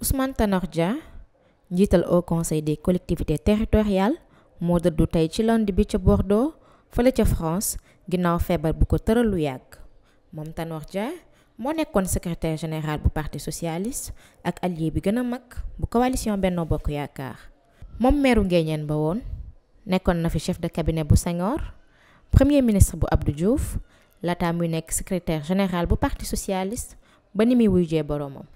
Ousmane Tanordia, Dia au conseil des collectivités territoriales mode du tey ci Bicha Bordeaux fële de France ginnaaw feebar bu ko de lu yàgg moom secrétaire général du parti socialiste ak allié bi gën coalition Benno Bokk Yaakaar moom meeru Nguéniène ba woon chef de cabinet bu premier ministre bu Abdou Diouf laataa secrétaire général du parti socialiste ba Wujie Boromo.